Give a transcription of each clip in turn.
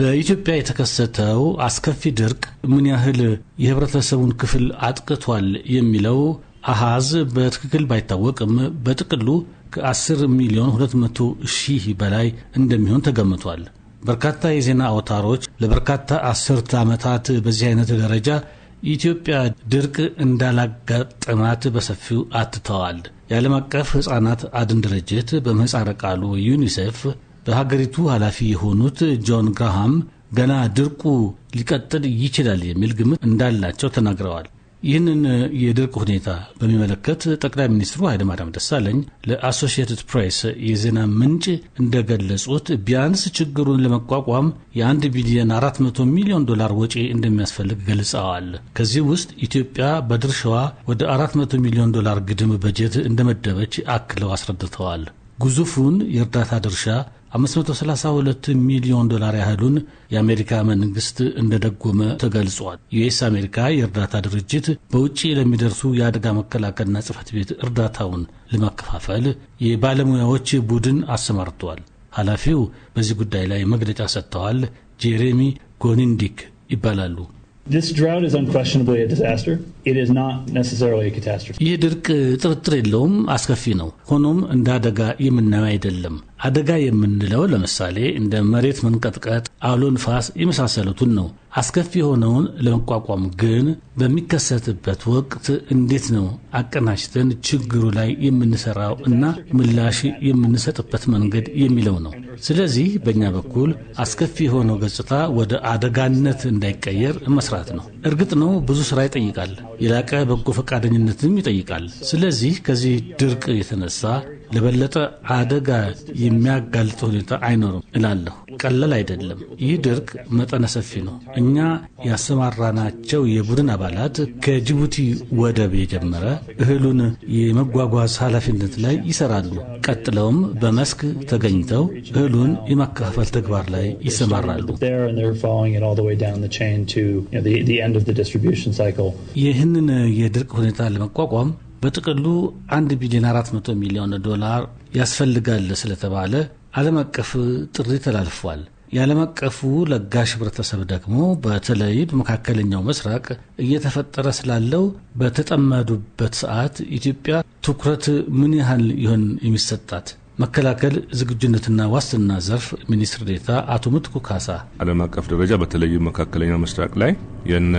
በኢትዮጵያ የተከሰተው አስከፊ ድርቅ ምን ያህል የህብረተሰቡን ክፍል አጥቅቷል የሚለው አሃዝ በትክክል ባይታወቅም በጥቅሉ ከ10 ሚሊዮን 200 ሺህ በላይ እንደሚሆን ተገምቷል። በርካታ የዜና አውታሮች ለበርካታ አስርተ ዓመታት በዚህ አይነት ደረጃ ኢትዮጵያ ድርቅ እንዳላጋጠማት በሰፊው አትተዋል። የዓለም አቀፍ ሕፃናት አድን ድርጅት በምህፃረ ቃሉ ዩኒሴፍ በሀገሪቱ ኃላፊ የሆኑት ጆን ግራሃም ገና ድርቁ ሊቀጥል ይችላል የሚል ግምት እንዳላቸው ተናግረዋል። ይህንን የድርቅ ሁኔታ በሚመለከት ጠቅላይ ሚኒስትሩ ኃይለማርያም ደሳለኝ ለአሶሺየትድ ፕሬስ የዜና ምንጭ እንደገለጹት ቢያንስ ችግሩን ለመቋቋም የአንድ ቢሊዮን 400 ሚሊዮን ዶላር ወጪ እንደሚያስፈልግ ገልጸዋል። ከዚህ ውስጥ ኢትዮጵያ በድርሻዋ ወደ 400 ሚሊዮን ዶላር ግድም በጀት እንደመደበች አክለው አስረድተዋል። ግዙፉን የእርዳታ ድርሻ 532 ሚሊዮን ዶላር ያህሉን የአሜሪካ መንግስት እንደደጎመ ተገልጿል። ዩኤስ አሜሪካ የእርዳታ ድርጅት በውጭ ለሚደርሱ የአደጋ መከላከልና ጽህፈት ቤት እርዳታውን ለማከፋፈል የባለሙያዎች ቡድን አሰማርተዋል። ኃላፊው በዚህ ጉዳይ ላይ መግለጫ ሰጥተዋል። ጄሬሚ ጎኒንዲክ ይባላሉ። ይህ ድርቅ ጥርጥር የለውም አስከፊ ነው። ሆኖም እንደ አደጋ የምናየው አይደለም። አደጋ የምንለው ለምሳሌ እንደ መሬት መንቀጥቀጥ፣ አውሎ ንፋስ የመሳሰሉትን ነው። አስከፊ የሆነውን ለመቋቋም ግን በሚከሰትበት ወቅት እንዴት ነው አቀናጅተን ችግሩ ላይ የምንሰራው እና ምላሽ የምንሰጥበት መንገድ የሚለው ነው። ስለዚህ በእኛ በኩል አስከፊ የሆነው ገጽታ ወደ አደጋነት እንዳይቀየር መስራት ነው። እርግጥ ነው ብዙ ስራ ይጠይቃል። የላቀ በጎ ፈቃደኝነትም ይጠይቃል። ስለዚህ ከዚህ ድርቅ የተነሳ ለበለጠ አደጋ የሚያጋልጥ ሁኔታ አይኖርም እላለሁ። ቀላል አይደለም። ይህ ድርቅ መጠነ ሰፊ ነው። እኛ ያሰማራናቸው የቡድን አባላት ከጅቡቲ ወደብ የጀመረ እህሉን የመጓጓዝ ኃላፊነት ላይ ይሰራሉ። ቀጥለውም በመስክ ተገኝተው እህሉን የማከፋፈል ተግባር ላይ ይሰማራሉ። ይህንን የድርቅ ሁኔታ ለመቋቋም በጥቅሉ 1 ቢሊዮን 400 ሚሊዮን ዶላር ያስፈልጋል ስለተባለ ዓለም አቀፍ ጥሪ ተላልፏል። የዓለም አቀፉ ለጋሽ ህብረተሰብ ደግሞ በተለይ በመካከለኛው ምስራቅ እየተፈጠረ ስላለው በተጠመዱበት ሰዓት ኢትዮጵያ ትኩረት ምን ያህል ይሆን የሚሰጣት? መከላከል ዝግጁነትና ዋስትና ዘርፍ ሚኒስትር ዴታ አቶ ምትኩ ካሳ ዓለም አቀፍ ደረጃ በተለይም መካከለኛ ምስራቅ ላይ የነ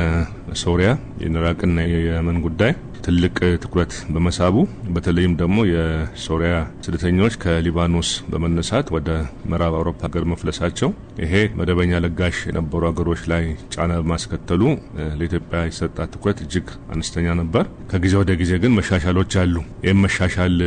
ሶሪያ የነራቅና የየመን ጉዳይ ትልቅ ትኩረት በመሳቡ በተለይም ደግሞ የሶሪያ ስደተኞች ከሊባኖስ በመነሳት ወደ ምዕራብ አውሮፓ ሀገር መፍለሳቸው ይሄ መደበኛ ለጋሽ የነበሩ ሀገሮች ላይ ጫና በማስከተሉ ለኢትዮጵያ የሰጣት ትኩረት እጅግ አነስተኛ ነበር። ከጊዜ ወደ ጊዜ ግን መሻሻሎች አሉ። ይህም መሻሻል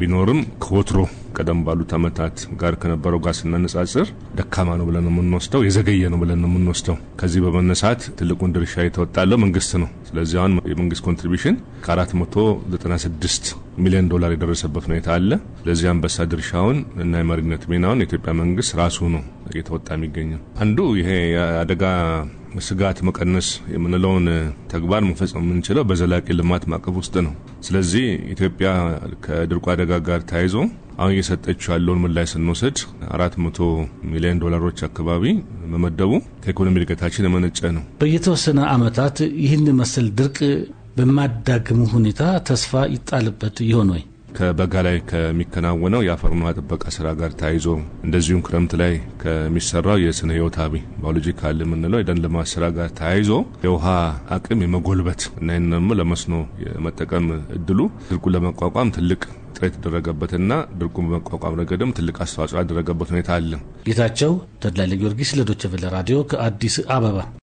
ቢኖርም ከወትሮ ቀደም ባሉት ዓመታት ጋር ከነበረው ጋር ስናነጻጽር ደካማ ነው ብለን የምንወስደው፣ የዘገየ ነው ብለን የምንወስደው። ከዚህ በመነሳት ትልቁን ድርሻ የተወጣለው መንግስት ነው። ስለዚህ አሁን የመንግስት ኮንትሪቢሽን ከ496 ሚሊዮን ዶላር የደረሰበት ሁኔታ አለ። ስለዚህ አንበሳ ድርሻውን እና የመሪነት ሚናውን የኢትዮጵያ መንግስት ራሱ ነው እየተወጣ የሚገኘው። አንዱ ይሄ የአደጋ ስጋት መቀነስ የምንለውን ተግባር መፈጸም የምንችለው በዘላቂ ልማት ማዕቀፍ ውስጥ ነው። ስለዚህ ኢትዮጵያ ከድርቁ አደጋ ጋር ተያይዞ አሁን እየሰጠችው ያለውን ምላሽ ስንወስድ አራት መቶ ሚሊዮን ዶላሮች አካባቢ መመደቡ ከኢኮኖሚ እድገታችን የመነጨ ነው። በየተወሰነ ዓመታት ይህን መሰል ድርቅ በማዳግሙ ሁኔታ ተስፋ ይጣልበት ይሆን ወይ? ከበጋ ላይ ከሚከናወነው የአፈር ውሃ ጥበቃ ስራ ጋር ተያይዞ እንደዚሁም ክረምት ላይ ከሚሰራው የስነ ህይወት አቢ ባዮሎጂካል የምንለው የደን ልማት ስራ ጋር ተያይዞ የውሃ አቅም የመጎልበት እና ይህን ደግሞ ለመስኖ የመጠቀም እድሉ ድርቁን ለመቋቋም ትልቅ ጥረት የተደረገበትና ድርቁን በመቋቋም ረገድም ትልቅ አስተዋጽኦ ያደረገበት ሁኔታ አለ። ጌታቸው ተድላይ ለጊዮርጊስ ለዶቸ ራዲዮ ከአዲስ አበባ